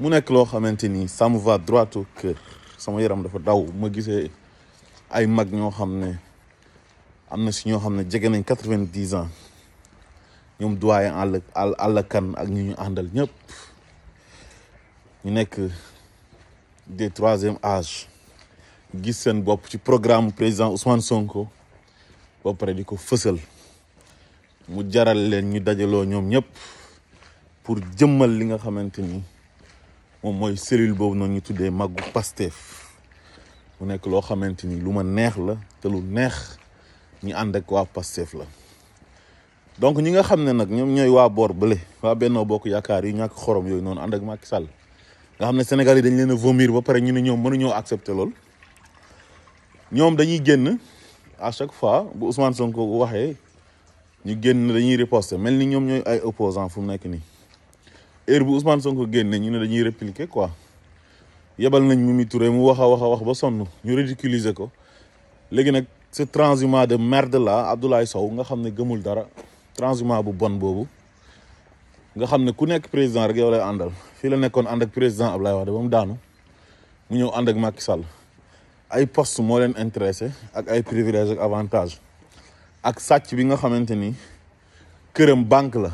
mu nekk loo xamante ni ça me va droit au cœur sama yaram dafa daw ma gisee ay mag ñoo xam ne am na si ñoo xam ne jege nañ quatre-vingt-dix ans ñoom doyen àll àll kan ak ñu ñu àndal ñëpp ñu nekk des troisième age gis seen bopp ci programme président Ousmane Sonko ba pare di ko fësal mu jaral leen ñu dajaloo ñoom ñëpp pour jëmmal li nga xamante ni. moom mooy cellule boobu noonu ñu tuddee màggu Pastef mu nekk loo xamante ni lu ma neex la te lu neex ñu ànd ak waa Pastef la donc ñi nga xam ne nag ñoom ñooy waa boor bële waa Benno Bokk Yaakaar yi ñàkk xorom yooyu noonu ànd ak Macky Sall nga xam ne Sénégal yi dañ leen a ba pare ñu ne ñoom mënuñoo accepter lool ñoom dañuy génn à chaque fois bu Ousmane Sonko waxee ñu génn dañuy riposter mel ni ñoom ñooy ay opposants fu mu nekk nii. heure bu Ousmane Sonko génne ñu ne dañuy répliquer quoi yebal nañ mu Touré mu wax a wax a wax ba sonn ñu ridiculiser ko léegi nag ce transhumant de merde là Abdoulaye Sow nga xam ne gëmul dara transhumant bu bon boobu nga xam ne ku nekk président rek yow lay àndal fii la nekkoon ànd ak président Abdoulaye Wade ba mu daanu mu ñëw ànd ak Macky Sall ay poste moo leen intéressé ak ay privilège avantage ak sàcc bi nga xamante ni këram banque la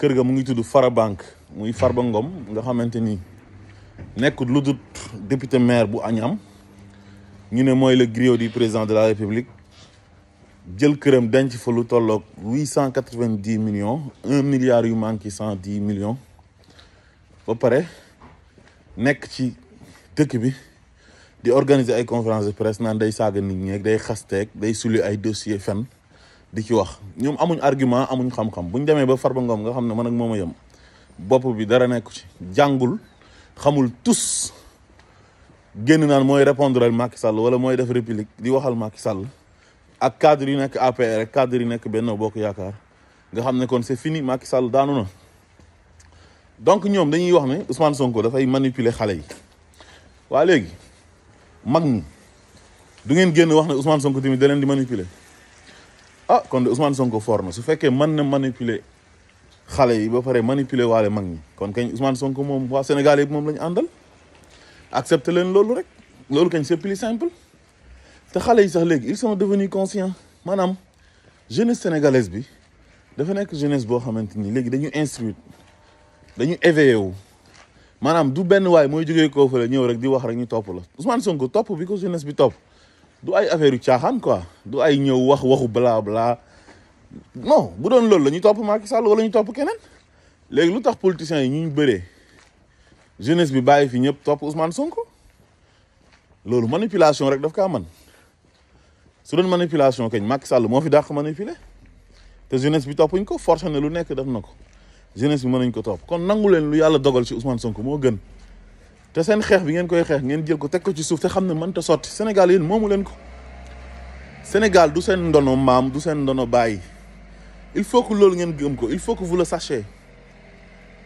kër ga mu ngi tudd Fara Bank muy ba Ngom nga xamante ni nekkul lu dul député maire bu añam ñu ne mooy le grio di président de la République jël këram denc fa lu tolloog huit cent quatre-vingt-dix millions un milliard yu manqué cent dix million ba pare nekk ci dëkk bi di organiser ay conférence de presse naan day saaga nit ñeeg day xasteeg day suli ay dossier fen di ci wax ñoom amuñ argument amuñ xam-xam ñu demee ba Farba Ngom nga xam ne man ak moom a yem bopp bi dara nekku ci jàngul xamul tus génn naan mooy répondre al Macky Sall wala mooy def réplique di waxal Macky Sall ak cadre yu nekk après ak cadre yu nekk Benno Bokk Yaakaar nga xam ne kon c'est fini Macky sàll daanu na donc ñoom dañuy wax ne Ousmane Sonko dafay manipuler xale yi waa léegi mag du ngeen génn wax ne Ousmane Sonko tamit da leen di manipuler ah quand Ousmane Sonko forme na su fekkee man na manipuler xalé yi ba paré manipuler walé magni kon kañ Ousmane Sonko mom wa sénégalais mom moom andal ñu àndal accepter leen loolu rek lolu kañ c'est plus simple té xalé yi sax légui ils sont devenus conscients manam jeunesse sénégalaise bi dafa nek jeunesse bo xamante légui dañu instruire dañu éveillé wu maanaam du benn waay mooy jógee koo fële ñew rek di wax rek ñu top la Ousmane Sonko top bi ko jeunesse bi top du ay affaire yu caaxaan quoi du ay ñëw wax waxu balaa balaa non bu doon loolu la ñuy topp Macky Sall wala ñu topp keneen léegi lu tax politiciens yi ñu ñu bëree jeunesse bi bàyyi fi ñëpp topp Ousmane sunk loolu manipulation rek daf kaa man su doon manipulation keñ Macky Sall moo fi dàq manipuler te jeunesse bi toppuñ ko forcé ne lu nekk def na ko jeunesse bi mën nañ ko topp kon nangu leen lu yàlla dogal si Ousmane Sonko moo gën. te sen xex bi ngeen koy xex ngeen jël ko tek ko ci souf te xamna man ta sotti Sénégal yéen momu len ko Sénégal du sen ndono mam du sen ndono bàyyi il faut que loolu ngeen gëm ko il faut que vous le sachiez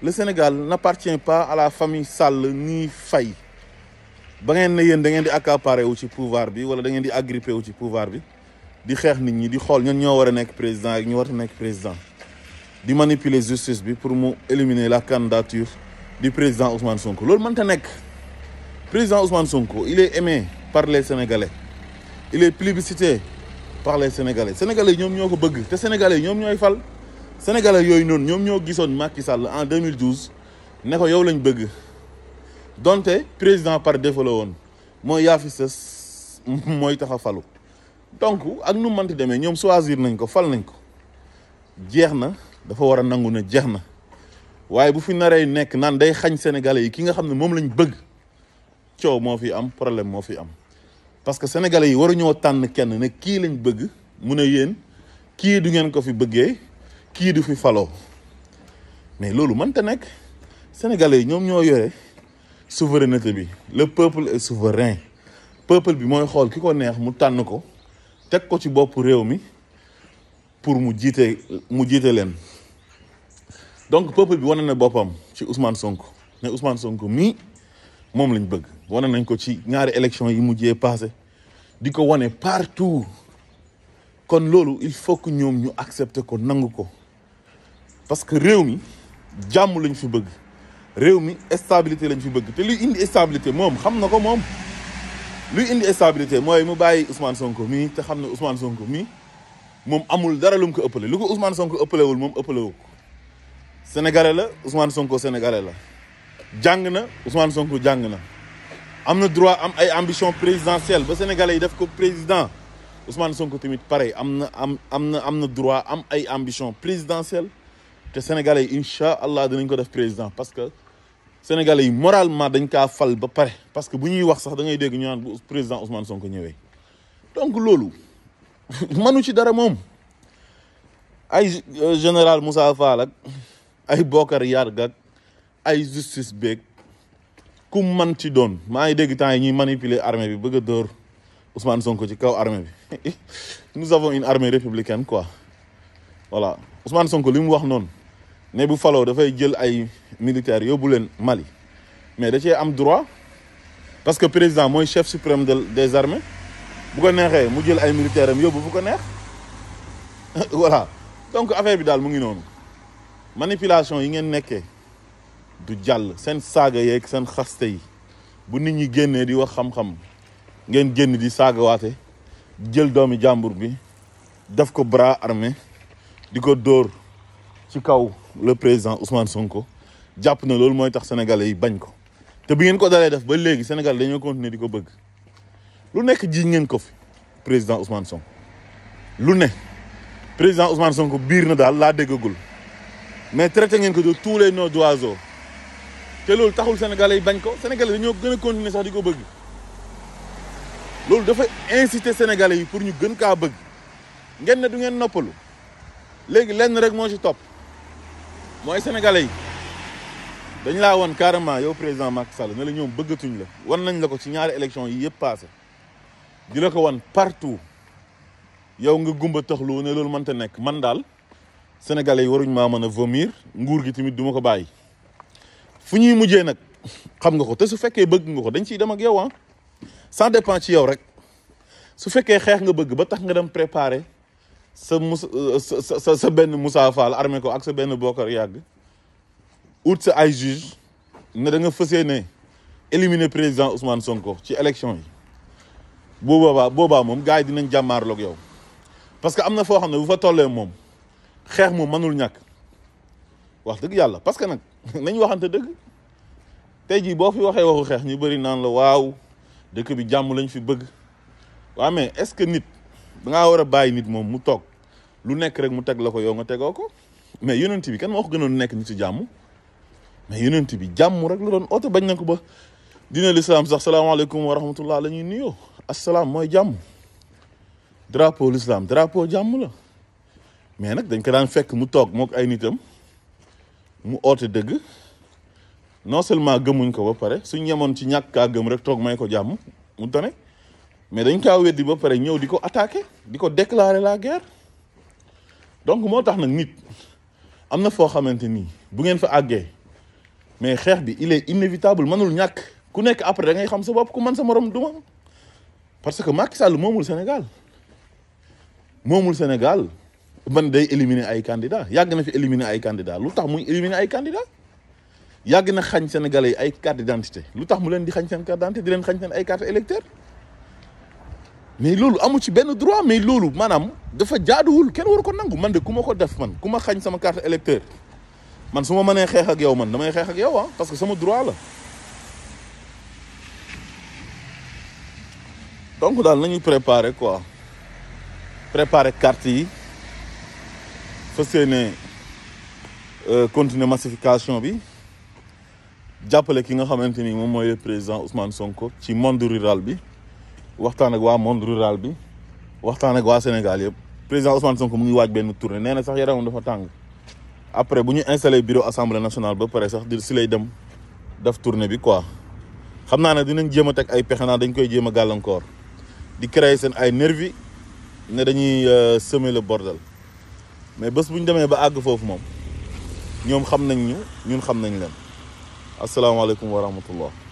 le Sénégal n'appartient pas à la famille Sall ni fay ba ngeen ne yéen da ngeen di accaparer wu ci pouvoir bi wala da ngeen di agripper wu ci pouvoir bi di xex nit ñi di xol ñun ñoo wara a nekk président ak ñu war a nekk président di manipuler justice bi pour mu éliminer la candidature du président Ousmane Sonko le président Ousmane Sonko il est aimé par les sénégalais il est plébiscité par les sénégalais sénégalais ils sénégalais Les sénégalais Macky Sall en 2012 yow Donc, président par défaut la a donc nous, nous mënti ils nous choisir nañ ko waaye bu fi naree nekk naan day xañ sénégalais yi ki nga xam ne moom lañ bëgg coow moo fi am problème moo fi am parce que sénégalais yi waruñoo tànn kenn ne kii lañ bëgg mu ne yéen kii du ngeen ko fi bëggee kii du fi faloo mais loolu mënta nekk sénégalais yi ñoom ñoo yore souveraineté bi le peuple est souverain peuple bi mooy xool ki ko neex mu tànn ko teg ko ci bopp réew mi pour mu jiite mu jiite leen donc peuple bi wane na boppam ci Ousmane Sonko ne Ousmane Sonko mii moom lañ bëgg wane nañ ko ci ñaari élection yi mu jee passé di ko wane partout kon loolu il faut que ñoom ñu accepter ko nangu ko parce que réew mi jàmm lañ fi bëgg réew mi stabilité lañ fi bëgg te luy indi stabilité moom xam na ko moom luy indi stabilité mooy mu bàyyi Ousmane Sonko mii te xam ne Ousmane Sonko mii moom amul dara lu mu ko ëppale lu ko Ousmane Sonko ëppalewul moom ëppalewu ko sénégalais la Ousmane Sonko sénégalais la jàng na Ousmane Sonko jàng na am droit am ay ambition présidentielle ba sénégalais yi def ko président Ousmane Sonko tamit pareil amna amna amna am droit am ay ambition présidentielle te sénégalais Inch'Allah, allah dinañ ko def président parce que sénégalais yi moralement dañ ka fal ba pareil. parce que buñuy wax sax da ngay dégg ñu naan président Ousmane Sonko ñëwé donc lolu manu ci dara mom ay euh, général Moussa Fall ay bokkar yargak ay justice Bek man yi manipuler armée Ousmane Sonko nous avons une armée républicaine quoi voilà Ousmane Sonko li wax bu militaires Mali mais da cee droit parce que président mooy chef suprême des armées bu ko neexee mu jël militaires am bu ko voilà donc affaire bi manipulation yi ngeen nekkee du jàll seen saaga yeeg seen xaste yi bu nit ñi génnee di wax xam-xam ngeen di jël doomi bi def ko bras armé di ko le président Ousmane Sonko jàpp na loolu mooy tax sénégalais yi bañ ko te bi ngeen ko def ba léegi Sénégal dañoo continuer di ko bëgg lu nekk ji ngeen ko fi président Ousmane Sonko lu ne président Ousmane Sonko biir na mais traitez de tous les noms d'oiseaux ce que les sénégalais yi Les sénégalais dañoo gën continuer sax bëgg inciter dafa sénégalais pour ñu gën plus bëgg Vous ne du noppalu sénégalais yi carrément président Macky Sall dit la wan nañ la ko ci partout yow nga gumba taxlu ne sénégalais yi waruñ maa mën a vomir nguur gi tamit du ma ko bàyyi fu ñuy mujjee nag xam nga ko te su fekkee bëgg nga ko dañ ciy dem ak yow ah ça dépend ci yow rek su fekkee xeex nga bëgg ba tax nga dem préparer sa mus euh, sa sa benn Moussa Fall armé ko ak sa benn Bokar yàgg ut sa ay juge ne da nga fësee ne éliminer président Ousmane Sonko ci élection yi boobaa boobaa moom gars yi dinañ jàmmaarloog yow parce que am na foo xam ne bu fa tollee moom. xeex moom mënul ñàkk wax dëgg yàlla parce que nag nañ waxante dëgg te jii boo fi waxee waxu xeex ñu bari naan la waaw dëkk bi jàmm lañ fi bëgg waaw mais est-ce que nit dangaa war a bàyyi nit moom mu toog lu nekk rek mu teg la ko yow nga tegoo ko mais yonent bi kan moo ko gënoon nekk nit ci jàmm mais yonent bi jàmm rek la doon oote bañ na ko ba dina lislaam sax salaamaaleykum wa rahmatullah la ñuy nuyoo asalaam mooy jàmm drapo lislaam drapo jàmm la mais nag dañ ko daan fekk mu toog moo ko ay nitam mu oote dëgg non seulement gëmuñ ko ba pare su ñemoon ci ñàkk kaa gëm rek toog may ko jàmm mu tane mais dañ kaa weddi ba pare ñëw di ko attaqué di ko déclarer la guerre donc moo tax nag nit am na foo xamante nii bu ngeen fa àggee mais xeex bi il est inévitable mënul ñàkk ku nekk après da ngay xam sa bopp ku man sa morom duma parce que Macky Sall moomul Sénégal moomul Sénégal man day éliminer ay candidats yàgg na fi éliminer ay candidats lu tax muy éliminer ay candidats yàgg na xañ seen Sénégalais yi ay carte d'identité lu tax mu leen di xañ seen carte d'identité di leen xañ seen ay carte électeur mais loolu amu ci benn droit mais loolu maanaam dafa jaaduwul kenn war ko nangu man de ku ma ko def man ku ma xañ sama carte électeur man su ma mënee xeex ak yow man damay xeex ak yow ah parce que sama droit la donc daal nañu préparer quoi préparer carte yi fas yéene euh, continuer massification bi jàppale ki nga xamante mom moy mooy président Ousmane Sonko ci monde rural bi waxtaan ak wa monde rural bi waxtaan ak wa Sénégal yëpp président Ousmane Sonko mu ngi waaj benn tournée néna na sax yaramam dafa tang après buñu ñu installé bureau assemblée nationale ba paré sax dir si lay dem def tournée bi quoi xamna naa dinañ jéem a ay pexe dañ koy jéem a gàllankoor di créer sen ay nervi ne dañuy euh, semer le bordel. mais bés bu démé ba ag fofu mom ñom xam nañ ñu ñun xam nañ leen alaykum wa rahmatullah